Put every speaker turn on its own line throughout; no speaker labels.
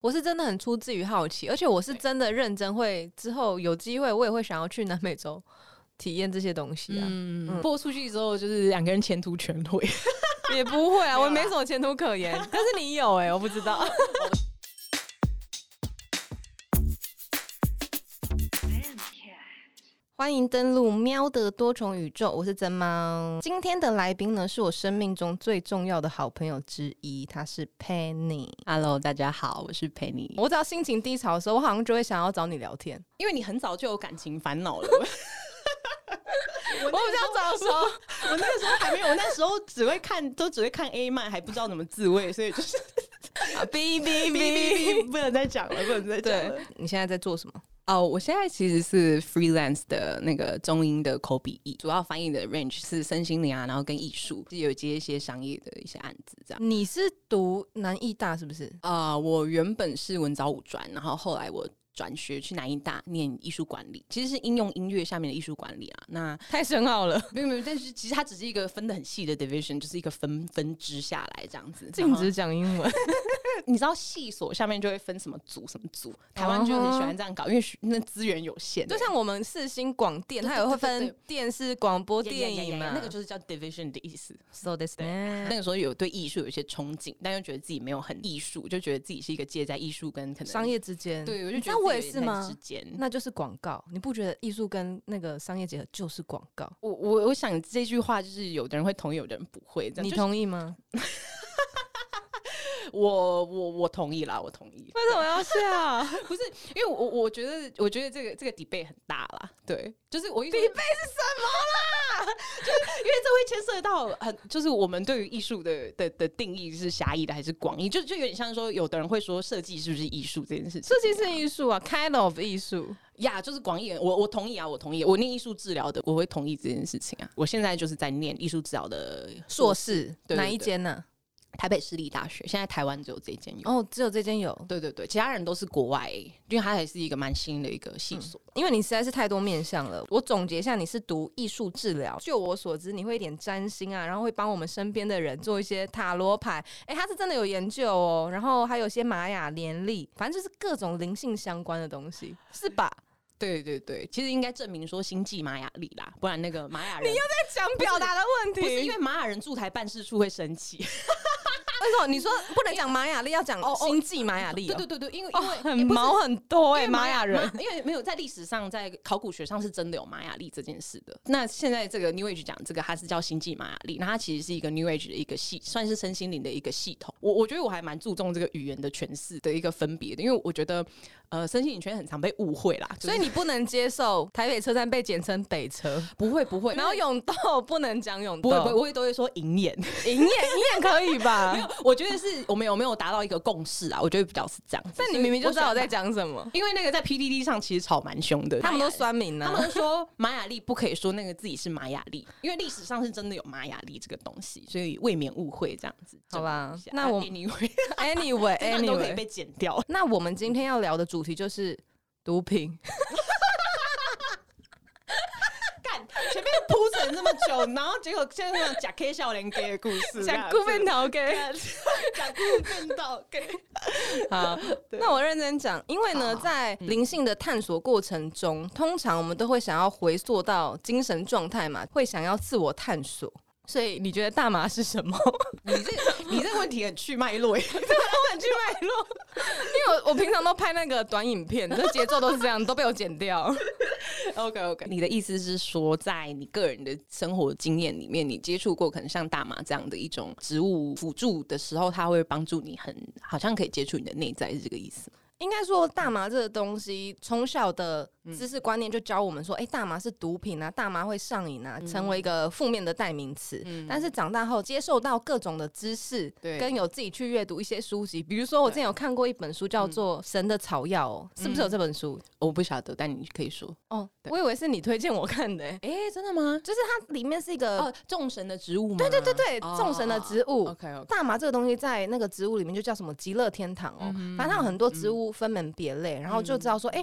我是真的很出自於好奇，而且我是真的認真，會之後有機會我也會想要去南美洲體驗這些東西啊。嗯嗯，播出去之後就是兩個人前途全毀， 也不會啊，沒我沒什麼前途可言， 但是你有哎，欸，我不知道。 歡迎登錄喵的多重宇宙，我是真貓。今天的來賓呢，是我生命中最重要的好朋友之一，他是 Penny。Hello，大家好，我是 Penny。我只要心情低潮的時候，我好像就會想要找你聊天，因為你很早就有感情煩惱了。我比較早熟，我那個時，時， 時候還沒有，我那時候只會看，都只會看 A 漫，ine, 還不知道怎麼自慰，所以就是嗶嗶嗶嗶嗶， 不能再講了，不能再講了。你現在在做什麼？哦，oh, 我現在其實是 freelance 的那個中英的口筆譯，主要翻譯的 range 是身心靈啊，然後跟藝術，是有接一些商業的一些案子這樣。你是讀南藝大是不是？啊，uh, 我原本是文藻五專，然後後來我轉學去南藝大念藝術管理，其實是應用音樂下面的藝術管理啊。那太深奧了。沒有沒有，但是其實它只是一個分得很細的 division，就是一個分分支下來這樣子。禁止講英文。 你知道系所下面就會分什麼組什麼組，台灣就很喜歡這樣搞，因為那資源有限、欸。就像我們世新廣電，它也會分電視、廣播、電影嘛。那個就是叫 division 的意思。So this day，那個時候有對藝術有一些憧憬，但又覺得自己沒有很藝術，就覺得自己是一個介在藝術跟可能商業之間。對，我就覺得我也是嗎？間那就是廣告。你不覺得藝術跟那個商業結合就是廣告？我我我想這句話就是有的人會同意，有的人不會。這樣就是、你同意嗎？ 我我我同意啦，我同意。為什麼要笑？ 不是因為我我覺得我覺得這個這個 debate 很大啦，對，就是我意思。debate 是什麼啦？ 就是因為這會牽涉到很，就是我們對於藝術的的的定義是狹義的還是廣義？就就有點像說，有的人會說設計是不是藝術這件事設計、啊、是藝術啊，kind of 藝術呀，yeah, 就是廣義。我我同意啊，我同意。我念藝術治療的，我會同意這件事情啊。 我現在就是在念藝術治療的碩士，哪一間呢？台北市立大學，現在台灣只有這間有哦，oh, 只有這間有。對對對，其他人都是國外、欸，因為它還是一個蠻新的一個系所、嗯。因為你實在是太多面向了，我總結一下，你是讀藝術治療。嗯、據我所知，你會一點占星啊，然後會幫我們身邊的人做一些塔羅牌。哎、欸，他是真的有研究哦、喔。然後還有些瑪雅曆，反正就是各種靈性相關的東西，嗯、是吧？對對對，其實應該證明說星際瑪雅歷啦，不然那個瑪雅人你又在講表達的問題不，不是因為瑪雅人駐台辦事處會生氣。 為什麼你說不能講瑪雅曆，為要講星際瑪雅曆，哦哦？對對對，因為，因為，哦、很毛很多哎、欸，瑪雅人，因為沒有在歷史上，在考古學上是真的有瑪雅曆這件事的。那現在這個 New Age 講這個，它是叫星際瑪雅曆，那它其實是一個 New Age 的一個系，算是身心靈的一個系統。我我覺得我還蠻注重這個語言的詮釋的一個分別的，因為我覺得呃，身心靈圈很常被誤會啦，就是、所以你不能接受台北車站被簡稱北車，不會不會，為然後永豆不能講永豆，不會不會，都會說營業營業營業可以吧？ 我覺得是我們有沒有達到一個共識啊？我覺得比較是這樣子。但你明明就知道我在講什麼，因為那個在 PTT 上其實吵蠻兇的，他們都酸民呢、啊。他們說瑪雅利不可以說那個自己是瑪雅利， 因為歷史上是真的有瑪雅利這個東西，所以未免誤會這樣子，樣子，好吧？那我 anyway anyway anyway 都可以被剪掉。 那我們今天要聊的主題就是毒品。 前面鋪陳這麼久，然後結果現在講假 K 笑臉給的故事，講故變桃給，講故變桃給，好，那我認真講，因為呢，好好，在靈性的探索過程中，嗯，通常我們都會想要回溯到精神狀態嘛，會想要自我探索。所以你覺得大麻是什麼？你是你這個 問題很去脈絡耶， 我很去脈絡。 因為我我平常都拍那個短影片，那節奏都是這樣，都被我剪掉。 OK OK，你的意思是說，在你個人的生活經驗裡面，你接觸過可能像大麻這樣的一種植物輔助的時候，它會幫助你，很好像可以接觸你的內在，是這個意思？應該說，大麻這個東西，從小的知識觀念就教我們說，哎，大麻是毒品啊，大麻會上癮啊，成為一個負面的代名詞。但是長大後接受到各種的知識，跟有自己去閱讀一些書籍，比如說我之前有看過一本書叫做《神的草藥》，是不是有這本書？我不曉得，但你可以說哦，我以為是你推薦我看的。哎，真的嗎？就是它裡面是一個眾神的植物嗎？對對對對，眾神的植物。OK OK，大麻這個東西在那個植物裡面就叫什麼極樂天堂哦。反正它有很多植物分門別類，然後就知道說，哎。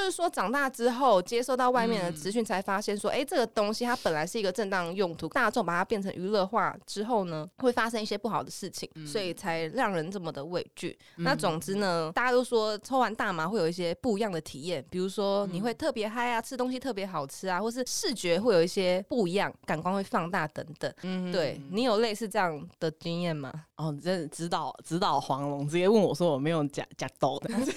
就是說，長大之後接收到外面的資訊，才發現說，哎、嗯，這個東西它本來是一個正當用途，大眾把它變成娛樂化之後呢，會發生一些不好的事情，嗯、所以才讓人這麼的畏懼。嗯、那總之呢，大家都說抽完大麻會有一些不一樣的體驗，比如說你會特別嗨啊，嗯、吃東西特別好吃啊，或是視覺會有一些不一樣，感官會放大等等。嗯，對你有類似這樣的經驗嗎？哦，這指導指導黃龍直接問我說我沒有夾夾刀的。啊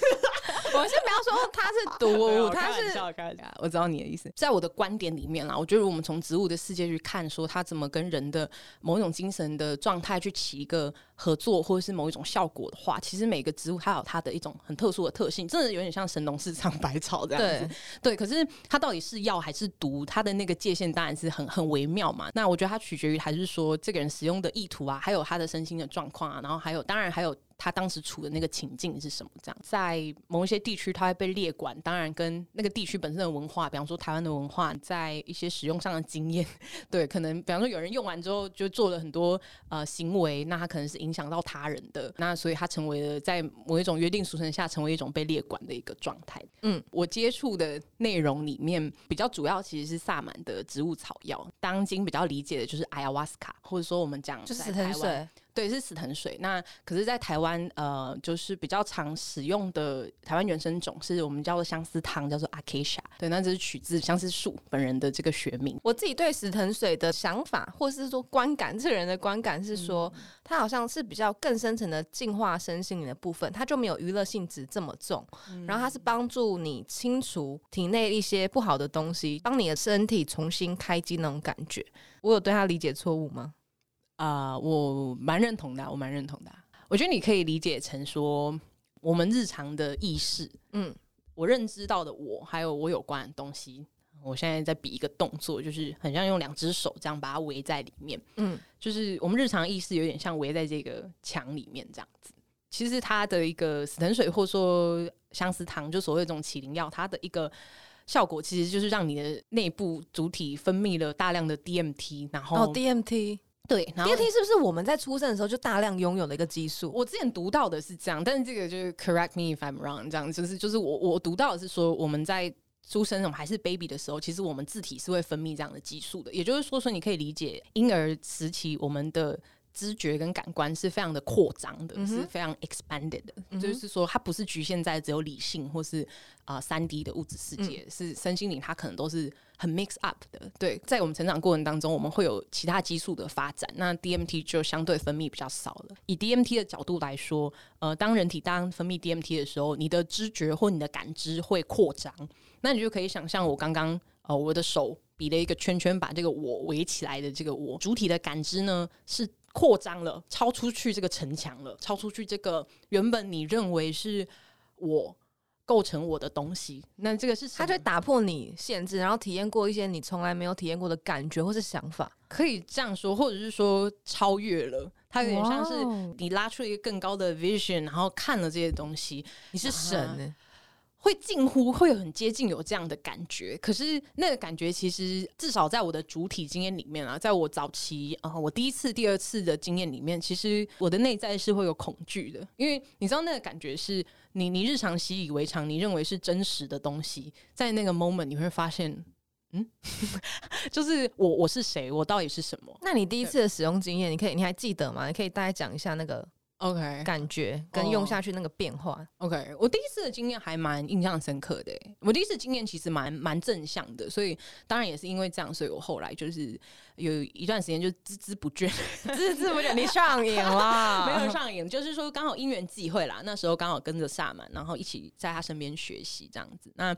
我先不要說它是毒，它 是我知道你的意思。在我的觀點裡面啦，我覺得我們從植物的世界去看，說它怎麼跟人的某一種精神的狀態去起一個合作，或者是某一種效果的話，其實每個植物它有它的一種很特殊的特性，真的有點像神農氏嘗百草這樣子。對，對。可是它到底是藥還是毒，它的那個界限，當然是很很微妙嘛。那我覺得它取決於還是說這個人使用的意圖啊，還有他的身心的狀況啊，然後還有當然還有。他當時處的那個情境是什麼？這樣，在某一些地區，它會被列管。當然，跟那個地區本身的文化，比方說台灣的文化，在一些使用上的經驗，對，可能比方說有人用完之後就做了很多呃行為，那它可能是影響到他人的，那所以它成為了在某一種約定俗成下，成為一種被列管的一個狀態。嗯，我接觸的內容裡面比較主要其實是薩滿的植物草藥，當今比較理解的就是 Ayahuasca，或者說我們講就是死藤水，在台灣。對，是死藤水。那可是在台灣，呃，就是比較常使用的台灣原生種，是我們叫做相思湯，叫做 Acacia，對，那就是取自相思樹本人的這個學名。我自己對死藤水的想法，或是說觀感，這個人的觀感是說，嗯、它好像是比較更深層的進化身心靈的部分，它就沒有娛樂性質這麼重。嗯、然後它是幫助你清除體內一些不好的東西，幫你的身體重新開機那種感覺。我有對他理解錯誤嗎？Uh, 啊，我蠻認同的、啊，我蠻認同的。我覺得你可以理解成說，我們日常的意識，嗯，我認知到的我，還有我有關的東西，我現在在比一個動作，就是很像用兩隻手這樣把它圍在裡面，嗯，就是我們日常意識有點像圍在這個牆裡面這樣子。其實它的一個死藤水，或說相思糖，就所謂這種啟靈藥，它的一個效果其實就是讓你的內部主體分泌了大量的 DMT，然後、oh, DMT。對，然後第二題是不是我們在出生的時候就大量擁有了一個激素？我之前讀到的是這樣，但是這個就是 correct me if I'm wrong，這樣是不是就是就是我我讀到的是說我們在出生，我們還是 baby 的時候，其實我們自體是會分泌這樣的激素的。也就是說，說你可以理解嬰兒時期我們的知覺跟感官是非常的擴張的，嗯、哼是非常 expanded 的，嗯、哼就，就是說它不是局限在只有理性或是啊三 D 的物質世界，嗯、是身心靈它可能都是。很 mix up 的，對，在我們成長過程當中，我們會有其他激素的發展，那 DMT 就相對分泌比較少了。以 DMT 的角度來說，呃，當人體當分泌 DMT 的時候，你的知覺或你的感知會擴張，那你就可以想象我剛剛，呃，我的手比了一個圈圈，把這個我圍起來的這個我主體的感知呢是擴張了，超出去這個城牆了，超出去這個原本你認為是我。構成我的東西，那這個是他就會打破你限制，然後體驗過一些你從來沒有體驗過的感覺或是想法，可以這樣說，或者是說超越了。它有點像是你拉出一個更高的 vision，然後看了這些東西，Wow. 你是神、啊，啊、會近乎會很接近有這樣的感覺。可是那個感覺其實至少在我的主體經驗裡面啊，在我早期啊、嗯，我第一次、第二次的經驗裡面，其實我的內在是會有恐懼的，因為你知道那個感覺是。你你日常習以為常，你認為是真實的東西，在那個 moment 你會發現，嗯， 就是我我是誰，我到底是什麼？那你第一次的使用經驗，對你可以，你還記得嗎？你可以大概講一下那個。OK，感覺跟用下去那個變化、oh.，OK。我第一次的經驗還蠻印象深刻的、欸，我第一次經驗其實蠻蠻正向的，所以當然也是因為這樣，所以我後來就是有一段時間就孜孜不倦， 孜孜不倦，你上癮了、啊？ 沒有上癮，就是說剛好因緣際會啦，那時候剛好跟着薩滿，然後一起在他身邊學習這樣子。那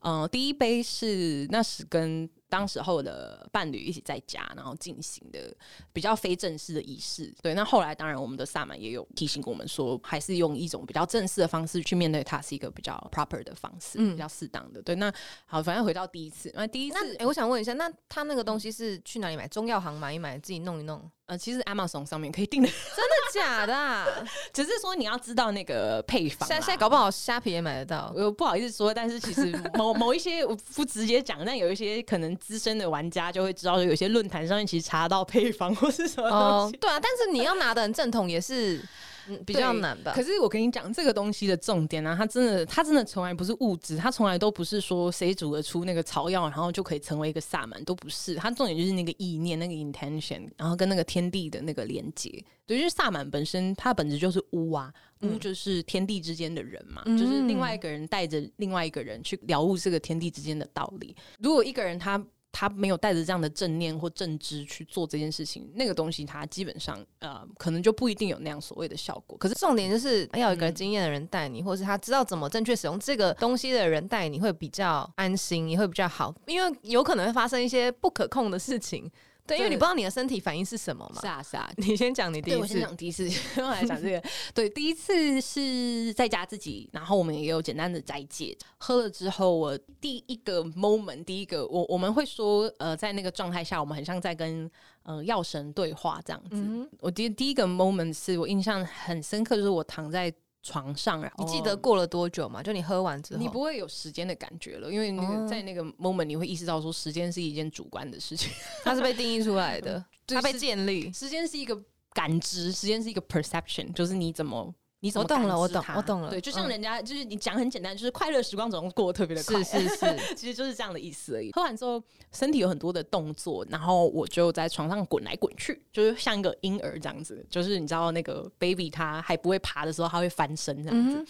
嗯、呃，第一杯是那時跟。當時候的伴侶一起在家，然後進行的比較非正式的儀式。對，那後來當然我們的薩滿也有提醒過我們說，還是用一種比較正式的方式去面對它，是一個比較 proper 的方式，嗯，比較適當的。對，那好，反正回到第一次，那第一次，哎，欸，我想問一下，那他那個東西是去哪裡買？中藥行買一買，自己弄一弄。呃，其實 Amazon 上面可以訂的。真的假的啊？ 只是說你要知道那個配方，現在，現在搞不好蝦皮也買得到，我不好意思說，但是其實某某一些我不直接講， 但有一些可能資深的玩家就會知道，有些論壇上面其實查到配方或是什麼東西。Oh, 對啊，但是你要拿的很正統也是。嗯、比較難吧？可是我跟你講，這個東西的重點呢、啊，它真的，它真的從來不是物質，它從來都不是說誰煮得出那個草藥，然後就可以成為一個薩滿，都不是。它重點就是那個意念，那個 intention，然後跟那個天地的那個連接。對，就是薩滿本身，它本質就是巫啊，巫、嗯嗯、就是天地之間的人嘛，嗯、就是另外一個人帶着另外一個人去了悟這個天地之間的道理。如果一個人他。他沒有帶着這樣的正念或正知去做這件事情，那個東西他基本上呃，可能就不一定有那樣所謂的效果。可是重點就是，要有一個經驗的人帶你，嗯、或者是他知道怎麼正確使用這個東西的人帶你，會比較安心，也會比較好，因為有可能會發生一些不可控的事情。對，對，因為你不知道你的身體反應是什麼嘛？是啊，是啊。你先講你第一次，對我先講第一次，先來講這個。對，第一次是在家自己，然後我們也有簡單的齋戒，喝了之後，我第一個 moment，第一個，我我們會說，呃，在那個狀態下，我們很像在跟嗯、呃、藥神對話這樣子。嗯、我第第一個 moment 是我印象很深刻，就是我躺在。床上，然後你記得過了多久嗎？Oh, 就你喝完之後，你不會有時間的感覺了，因為那個、oh. 在那個 moment 你會意識到說，時間是一件主觀的事情， 它是被定義出來的， 它被建立。時間是一個感知，時間是一個 perception，就是你怎麼。我懂了，我懂了，我懂了。對，就像人家，嗯、就是你講很簡單，就是快樂時光總是過得特別的快。是是是， 其實就是這樣的意思而已。喝完之後，身體有很多的動作，然後我就在床上滾來滾去，就是像一個嬰兒這樣子。就是你知道那個 baby，他還不會爬的時候，他會翻身這樣子。嗯、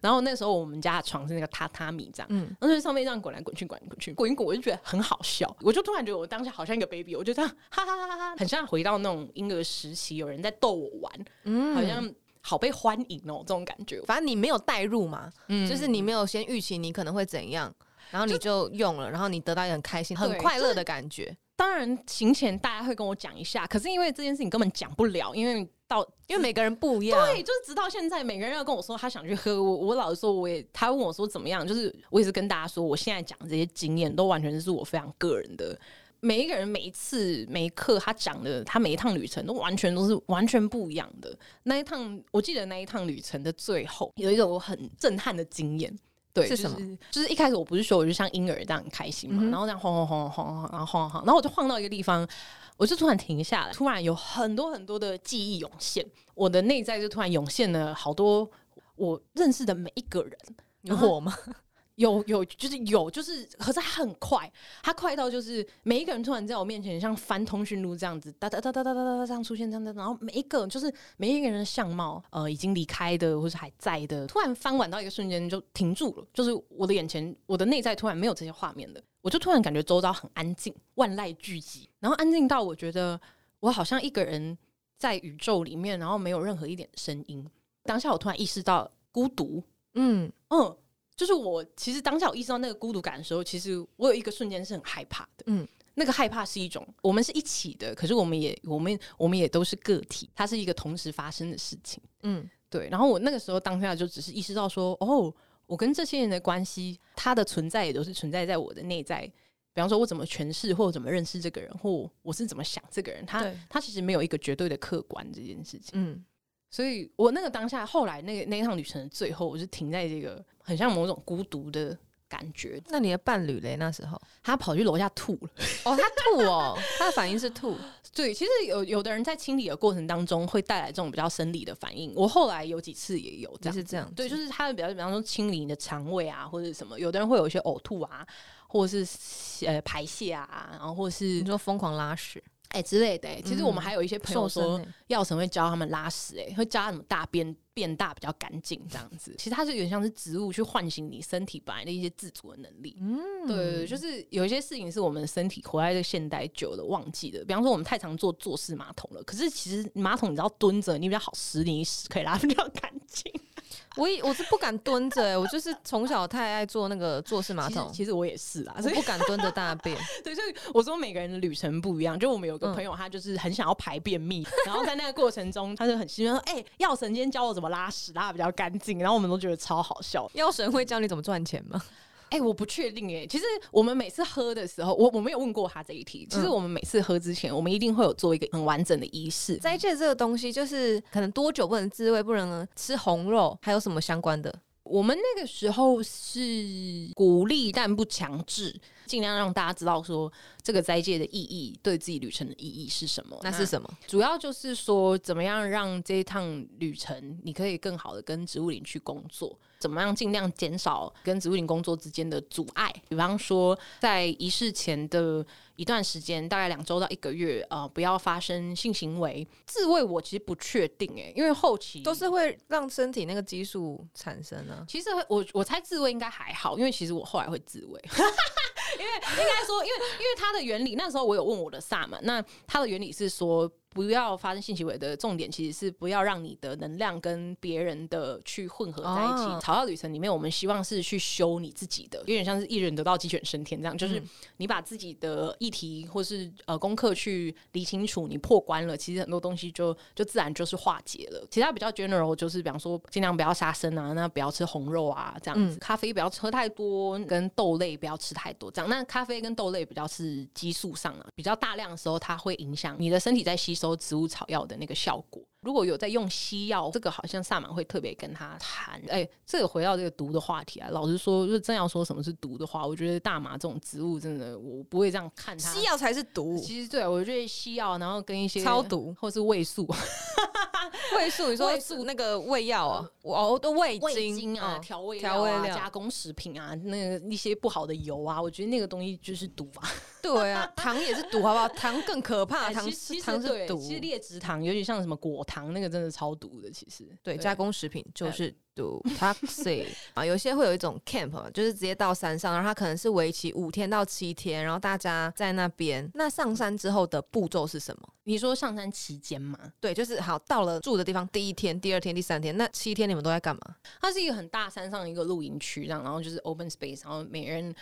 然後那時候我們家的床是那個榻榻米這樣，嗯，然後就上面這樣滾來滾去，滾來滾去，滾一滾，我就覺得很好笑。我就突然覺得我當下好像一個 baby，我就這樣哈哈哈哈，很像回到那種嬰兒時期，有人在逗我玩，嗯，好像。好被歡迎哦、喔，這種感覺，反正你沒有帶入嘛，嗯，就是你沒有先預期你可能會怎樣，然後你就用了，然後你得到一個很開心、很快樂的感覺。當然，行前大家會跟我講一下，可是因為這件事情根本講不了，因為到因為每個人不一樣。對，就是直到現在，每個人要跟我說他想去喝，我我老實說，我也他問我說怎麼樣，就是我也是跟大家說，我現在講這些經驗都完全是我非常個人的。每一個人每一次每一刻他講的他每一趟旅程都完全都是完全不一樣的那一趟我記得那一趟旅程的最後有一個我很震撼的經驗對是什麼就是一開始我不是說我就像嬰兒一樣很開心嘛、嗯、哼然後這樣晃晃晃晃晃晃然後晃晃然後我就晃到一個地方我就突然停下來突然有很多很多的記憶湧現我的內在就突然湧現了好多我認識的每一個人有我嗎？啊有有，就是有，就是，可是它很快，它快到就是每一個人突然在我面前，像翻通訊錄這樣子，噠噠噠噠噠噠噠這樣出現，這樣，然後每一個就是每一個人的相貌，呃，已經離開的或是還在的，突然翻完到一個瞬間就停住了，就是我的眼前，我的內在突然沒有這些畫面了，我就突然感覺周遭很安靜，萬籟俱寂，然後安靜到我覺得我好像一個人在宇宙裡面，然後沒有任何一點聲音，當下我突然意識到孤獨，嗯嗯。嗯就是我其實當下我意識到那個孤獨感的時候，其實我有一個瞬間是很害怕的。嗯，那個害怕是一種，我們是一起的，可是我們也我們我們也都是個體，它是一個同時發生的事情。嗯，對。然後我那個時候當下就只是意識到說，哦，我跟這些人的關係，它的存在也都是存在在我的內在。比方說，我怎麼詮釋或者怎麼認識這個人，或我是怎麼想這個人，他他對其實沒有一個絕對的客觀這件事情。嗯。所以我那個當下，後來那個那一趟旅程的最後，我就停在這個很像某種孤獨的感覺。那你的伴侶嘞？那時候他跑去樓下吐了。哦，他吐哦， 他的反應是吐。 對，其實有有的人在清理的過程當中會帶來這種比較生理的反應。我後來有幾次也有，就是這樣。對，就是他比較比方說清理你的腸胃啊，或者什麼，有的人會有一些嘔吐啊，或者是呃排泄啊，然後或者是你、嗯、說瘋狂拉屎。哎、欸、之類的、欸，其實我們還有一些朋友說，藥神會教他們拉屎、欸，哎、嗯，欸、會教他們大便變大比較乾淨這樣子。 其實它是有點像是植物去喚醒你身體本來的一些自主的能力。嗯，對，就是有一些事情是我們身體活在這個現代久了忘記了。比方說，我們太常做坐，坐式馬桶了，可是其實馬桶你知道蹲着，你比較好，使你屎可以拉比較乾淨。 我也我是不敢蹲着，哎、欸， 我就是從小太愛坐那個坐式馬桶，其實，其實我也是啊，我是不敢蹲着大便。 對，所以我說每個人的旅程不一樣。就我們有個朋友，他就是很想要排便秘，嗯、然後在那個過程中， 他就很興奮說：“哎、欸，藥神今天教我怎麼拉屎，拉得比較乾淨。”然後我們都覺得超好笑。藥神會教你怎麼賺錢嗎？ 哎、欸，我不確定哎。其實我們每次喝的時候，我我沒有問過他這一題。嗯、其實我們每次喝之前，我們一定會有做一個很完整的儀式。齋戒這個東西，就是可能多久不能自慰、不能吃紅肉，還有什麼相關的？我們那個時候是鼓勵但不強制，盡量讓大家知道說這個齋戒的意義，對自己旅程的意義是什麼？那是什麼？啊、主要就是說，怎麼樣讓這一趟旅程，你可以更好的跟植物靈去工作。怎麼樣盡量減少跟植物性工作之間的阻礙？比方說，在儀式前的一段時間，大概兩周到一個月，呃，不要發生性行為。自慰我其實不確定誒、欸，因為後期都是會讓身體那個激素產生的、啊。其實我我猜自慰應該還好，因為其實我後來會自慰， 因為應該說，因為因為它的原理，那時候我有問我的薩滿，那它的原理是說。不要發生性行為的重點，其實是不要讓你的能量跟別人的去混合在一起。草藥、啊、旅程裡面，我們希望是去修你自己的，有點像是“一人得道雞犬升天”這樣，嗯、就是你把自己的議題或是呃功課去理清楚，你破關了，其實很多東西就就自然就是化解了。其他比較 general 就是，比方說盡量不要殺生啊，那不要吃紅肉啊，這樣子，嗯、咖啡不要喝太多，跟豆類不要吃太多。這樣，那咖啡跟豆類比較是激素上啊，比較大量的時候，它會影響你的身體在吸收。植物草藥的那個效果，如果有在用西藥，這個好像薩滿會特別跟他談。哎、欸，這個回到這個毒的話題啊，老實說，如果真要說什麼是毒的話，我覺得大麻這種植物真的，我不會這樣看它。西藥才是毒。其實對，對我覺得西藥，然後跟一些超毒或是味素。 味素，你說味素那個胃藥啊，哦，都味精啊，調味調味料，啊，加工食品啊，那一些不好的油啊，我覺得那個東西就是毒啊。 對啊，糖也是毒，好不好？糖更可怕，啊，欸、糖其實其實糖是毒，其實劣質糖，尤其像什麼果糖，那個真的超毒的。其實，對，對加工食品就是。Do taxi 啊， 有些會有一種 camp，就是直接到山上，然後它可能是為期五天到七天，然後大家在那邊。那上山之後的步驟是什麼？你說上山期間嗎？對，就是好，到了住的地方，第一天、第二天、第三天，那七天你們都在幹嘛？它是一個很大山上的一個露營區這樣，然後就是 open space，然後每人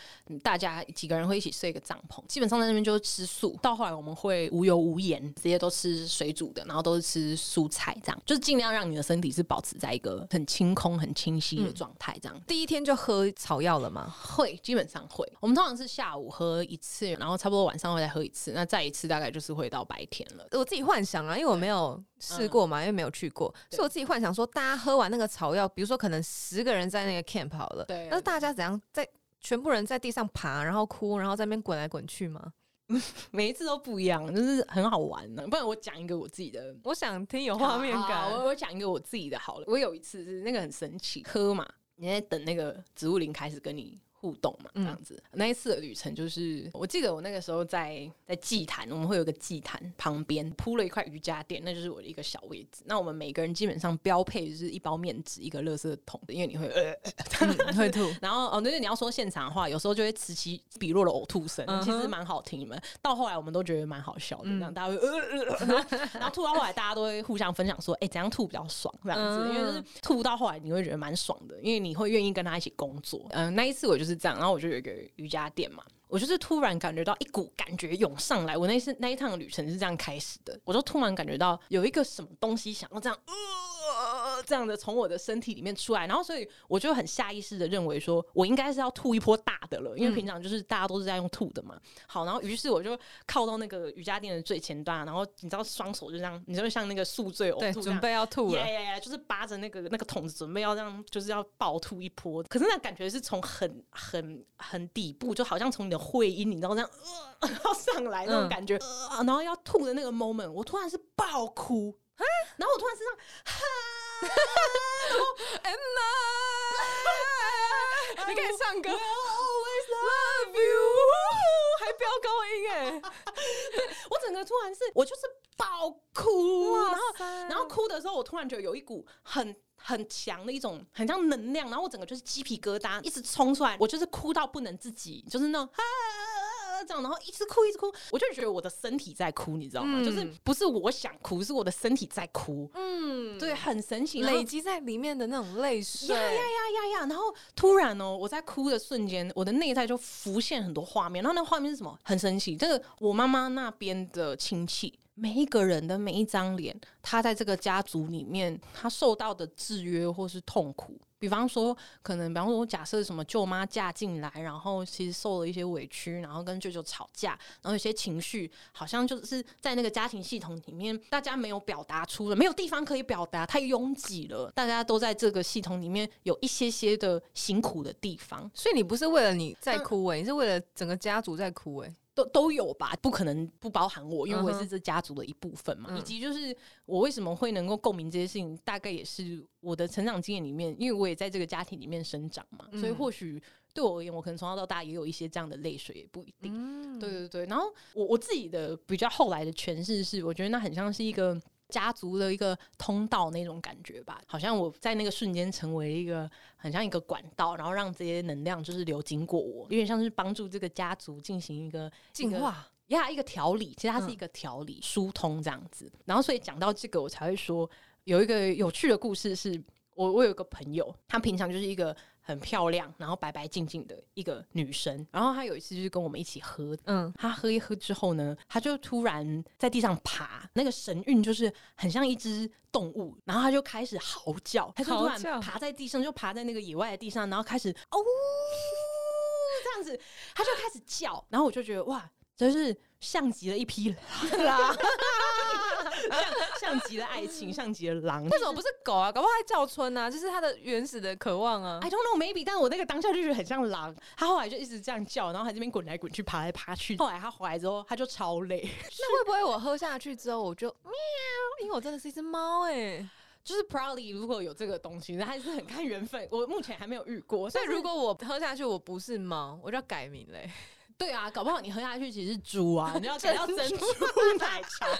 大家幾個人會一起睡一個帳篷，基本上在那邊就是吃素。到後來我們會無油無鹽，直接都吃水煮的，然後都是吃蔬菜這樣，就是盡量讓你的身體是保持在一個很輕。空很清晰的狀態，這樣、嗯、第一天就喝草藥了嗎？會，基本上會。我們通常是下午喝一次，然後差不多晚上會再喝一次。那再一次大概就是會到白天了。我自己幻想啊，對因為我沒有試過嘛，嗯、因為沒有去過，對所以我自己幻想說，大家喝完那個草藥，比如說可能十個人在那個 camp 好了，對、啊，但是大家怎樣在全部人在地上爬，然後哭，然後在那邊滾來滾去嗎？ 每一次都不一樣，就是很好玩呢、啊。不然我講一個我自己的。我想聽有畫面感。好好，我我講一個我自己的好了。我有一次是那個很神奇，喝嘛，你在等那個植物靈開始跟你互動嘛，這樣子。那一次的旅程就是，我記得我那個時候在在祭壇，我們會有個祭壇，旁邊鋪了一塊瑜伽墊，那就是我的一個小位置。那我們每個人基本上標配就是一包面紙、一個垃圾桶的，因為你會呃會吐。然後哦，那是你要說現場的話，有時候就會此起彼落的嘔吐聲，其實蠻好聽的。到後來我們都覺得蠻好笑的，這樣大家會呃呃，然後吐到後來大家都會互相分享說，哎，怎樣吐比較爽這樣子，因為就是吐到後來你會覺得蠻爽的，因為你會願意跟他一起工作。嗯，那一次我就是，是這樣，然後我就有一個瑜伽墊嘛，我就是突然感覺到一股感覺湧上來，我那次那一趟旅程是這樣開始的，我就突然感覺到有一個什麼東西想要這樣。呃啊這樣的從我的身體裡面出來，然後所以我就很下意識的認為說，我應該是要吐一波大的了，嗯、因為平常就是大家都是在用吐的嘛。好，然後於是我就靠到那個瑜伽墊的最前端，然後你知道雙手就這樣，你知道像那個宿醉嘔吐，準備要吐了，yeah, yeah, yeah, 就是扒着那個那個桶子準備要這樣，就是要爆吐一波。可是那感覺是從很很很底部，就好像從你的會陰，你知道這樣呃要上來那種感覺、嗯呃，然後要吐的那個 moment，我突然是爆哭，然後我突然身上。哈哈，你可以唱歌，I always love you。還飆高音耶， 我整個突然是我就是爆哭，哇塞。然後然後哭的時候，我突然覺得有一股很很強的一種很像能量，然後我整個就是雞皮疙瘩一直衝出來，我就是哭到不能自己，就是那種。 這樣，然後一直哭，一直哭，我就覺得我的身體在哭，你知道嗎？嗯、就是不是我想哭，是我的身體在哭。嗯，對，很神奇，累積在裡面的那種淚水。呀呀呀呀呀！然後突然哦、喔，我在哭的瞬間，我的內在就浮現很多畫面。然後那畫面是什麼？很神奇，這個我媽媽那邊的親戚。每一個人的每一張臉，他在這個家族裡面，他受到的制約或是痛苦。比方說，可能，比方說，假設什麼舅媽嫁進來，然後其實受了一些委屈，然後跟舅舅吵架，然後有些情緒，好像就是在那個家庭系統裡面，大家沒有表達出來，沒有地方可以表達，太擁擠了，大家都在這個系統裡面有一些些的辛苦的地方。所以你不是為了你在哭誒、欸，但你是為了整個家族在哭誒、欸。都都有吧，不可能不包含我，因為我也是這家族的一部分嘛。嗯、哼以及就是我為什麼會能夠共鳴這些事情，大概也是我的成長經驗裡面，因為我也在這個家庭裡面生長嘛。嗯、所以或許對我而言，我可能從小到大也有一些這樣的淚水，也不一定。嗯、對對對，然後我我自己的比較後來的詮釋是，我覺得那很像是一個。家族的一個通道那種感覺吧，好像我在那個瞬間成為一個很像一個管道，然後讓這些能量就是流經過我，有點像是幫助這個家族進行一個進化，呀，一個調理，其實它是一個調理、嗯、疏通這樣子。然後所以講到這個，我才會說有一個有趣的故事是，是我我有一個朋友，他平常就是一個。很漂亮，然後白白淨淨的一個女生。然後她有一次就是跟我們一起喝，嗯，她喝一喝之後呢，她就突然在地上爬，那個神韻就是很像一隻動物。然後她就開始嚎叫，她就突然爬在地上，就爬在那個野外的地上，然後開始哦，這樣子，她就開始叫。 然後我就覺得哇，真是像極了一匹狼。 像極了愛情，像極了狼。為、嗯就是、什麼不是狗啊？搞不好還叫春吶、啊，這、就是它的原始的渴望啊。I don't know, maybe，但我那個當下就覺得很像狼。它後來就一直這樣叫，然後它這邊滾來滾去，爬來爬去。後來它回來之後，它就超累。是那會不會我喝下去之後，我就喵？因為我真的是一隻貓哎。就是 probably 如果有這個東西，那還是很看緣分。我目前還沒有遇過，所以如果我喝下去，我不是貓，我就要改名嘞、欸。對啊，搞不好你喝下去其實是豬啊！你要想要珍珠奶茶。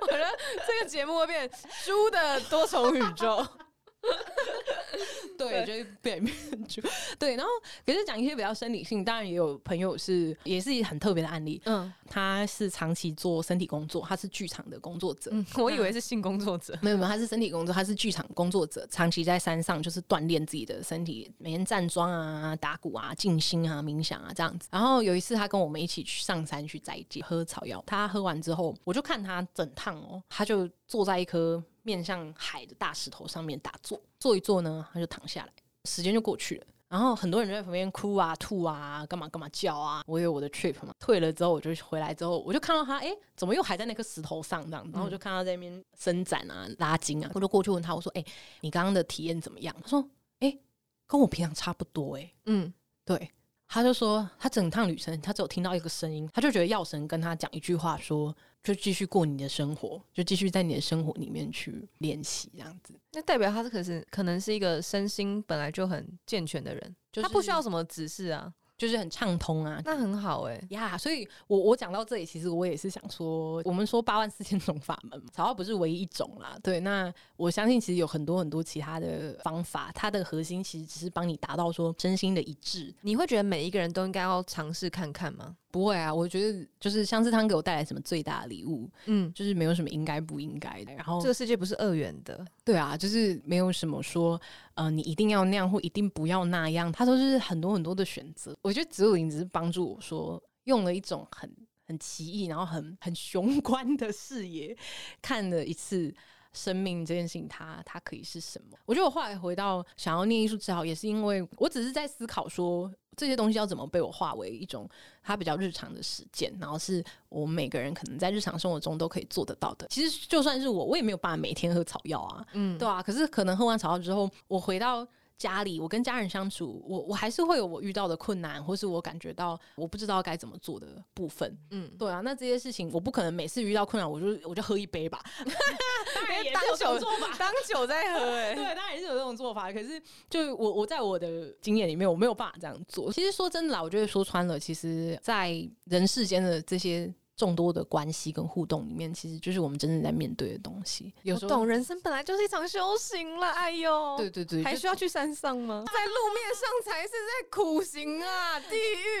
我覺得這個節目會變豬的多重宇宙。 對，就是變面具。對， 對，然後也是講一些比較生理性，當然也有朋友是，也是一個很特別的案例。嗯，他是長期做身體工作，他是劇場的工作者。嗯、他我以為是性工作者， 沒有沒有，他是身體工作，他是劇場工作者， 長期在山上就是鍛鍊自己的身體，每天站樁啊、打鼓啊、靜心啊、冥想啊這樣子。然後有一次，他跟我們一起去上山去摘藥、喝草藥。他喝完之後，我就看他整趟哦、喔，他就坐在一棵面向海的大石頭上面打坐，坐一坐呢，他就躺下來，時間就過去了。然後很多人就在旁邊哭啊、吐啊、幹嘛幹嘛、叫啊。我有我的 trip 嘛，退了之後我就回來之後，我就看到他，哎、欸，怎麼又還在那顆石頭上這樣子？然後我就看到他在那邊伸展啊、拉筋啊，嗯、我就過去問他，我說：“哎、欸，你剛剛的體驗怎麼樣？”他說：“哎、欸，跟我平常差不多、欸。”哎，嗯，對。他就說，他整趟旅程，他只有聽到一個聲音，他就覺得藥神跟他講一句話說，說就繼續過你的生活，就繼續在你的生活裡面去練習這樣子。那代表他可是可能是一個身心本來就很健全的人，就是，他不需要什麼指示啊。就是很暢通啊，那很好哎、欸、呀，yeah, 所以我我講到這裡，其實我也是想說，我們說八萬四千種法門嘛，草藥不，不是唯一一種啦。對，那我相信其實有很多很多其他的方法，它的核心其實只是幫你達到說真心的一致。你會覺得每一個人都應該要嘗試看看嗎？不會啊，我覺得就是死藤水給我帶來什麼最大的禮物？嗯，就是沒有什麼應該不應該的。然後這個世界不是二元的，對啊，就是沒有什麼說。呃，你一定要那樣，或一定不要那樣，他說就是很多很多的選擇。我覺得植物靈只是幫助我說，用了一種很很奇異，然後很很雄觀的視野，看了一次。生命這件事情它，它它可以是什麼？我覺得我後來回到，想要念藝術治療，也是因為我只是在思考說，這些東西要怎麼被我化為一種它比較日常的實踐，然後是我們每個人可能在日常生活中都可以做得到的。其實就算是我，我也沒有辦法每天喝草藥啊，嗯，對啊，可是可能喝完草藥之後，我回到。家裡，我跟家人相處，我我還是會有我遇到的困難，或是我感覺到我不知道該怎麼做的部分。嗯，對啊，那這些事情，我不可能每次遇到困難我就我就喝一杯吧。 當酒做法， 當酒再喝，哎， 對，當然也是有這種做法。可是，就我我在我的經驗裡面，我沒有辦法這樣做。其實說真的啦，我覺得說穿了，其實，在人世間的這些。眾多的關係跟互動裡面，其實就是我們真正在面對的東西。有時候我懂，人生本來就是一場修行了。哎呦，對對對，還需要去山上嗎？ 在路面上才是在苦行啊， 地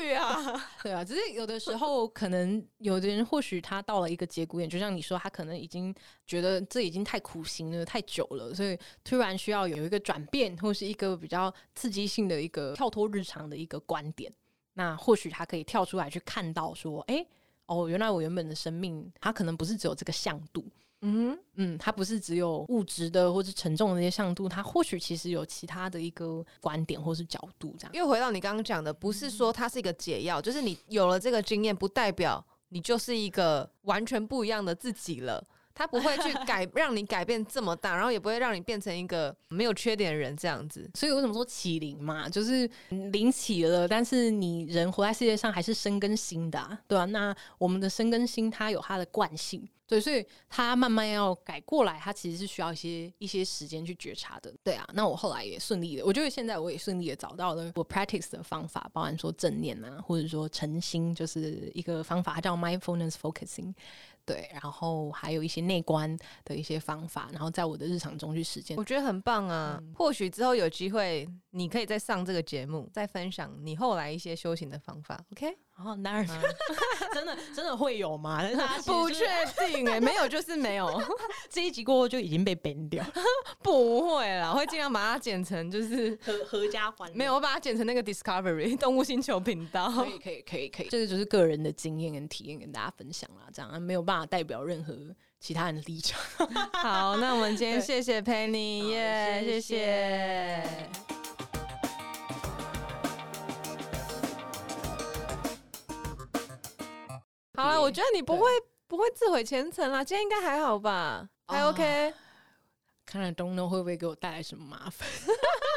獄啊！對啊，只是有的時候，可能有的人或許他到了一個節骨眼，就像你說，他可能已經覺得這已經太苦行了，太久了，所以突然需要有一個轉變，或是一個比較刺激性的一個跳脫日常的一個觀點。那或許他可以跳出來去看到說，哎、欸。哦，原來我原本的生命，它可能不是只有這個向度，嗯哼嗯，它不是只有物質的或是沉重的那些向度，它或許其實有其他的一個觀點或是角度這樣。因為回到你剛剛講的，不是說它是一個解藥，嗯、哼就是你有了這個經驗，不代表你就是一個完全不一樣的自己了。他不會去改， 讓你改變這麼大，然後也不會讓你變成一個沒有缺點的人這樣子。所以為什麼說啟靈嘛，就是靈起了，但是你人活在世界上還是生根心的，啊，對啊，那我們的生根心它有它的慣性，對，所以它慢慢要改過來，它其實是需要一些一些時間去覺察的，對啊。那我後來也順利的，我覺得現在我也順利的找到了我 practice 的方法，包含說正念啊，或者說誠心，就是一個方法，它叫 mindfulness focusing。對，然後還有一些內觀的一些方法，然後在我的日常中去實踐，我覺得很棒啊。嗯、或許之後有機會，你可以再上這個節目，再分享你後來一些修行的方法。OK。然後男人真的真的會有嗎？就是、不確定哎、欸，沒有就是沒有。 這一集過後就已經被 ban 掉， 不會了。我會盡量把它剪成就是合合家歡。沒有，我把它剪成那個 Discovery 動物星球頻道 可。可以可以可以可以。這個就，就是個人的經驗跟體驗跟大家分享啦。這樣沒有辦法代表任何其他人的立場。 好，那我們今天謝謝 Penny，耶，謝謝。 好，我覺得你不會對不會自毀前程啦，今天應該還好吧，oh, 還 OK。看來東東會不會給我帶來什麼麻煩。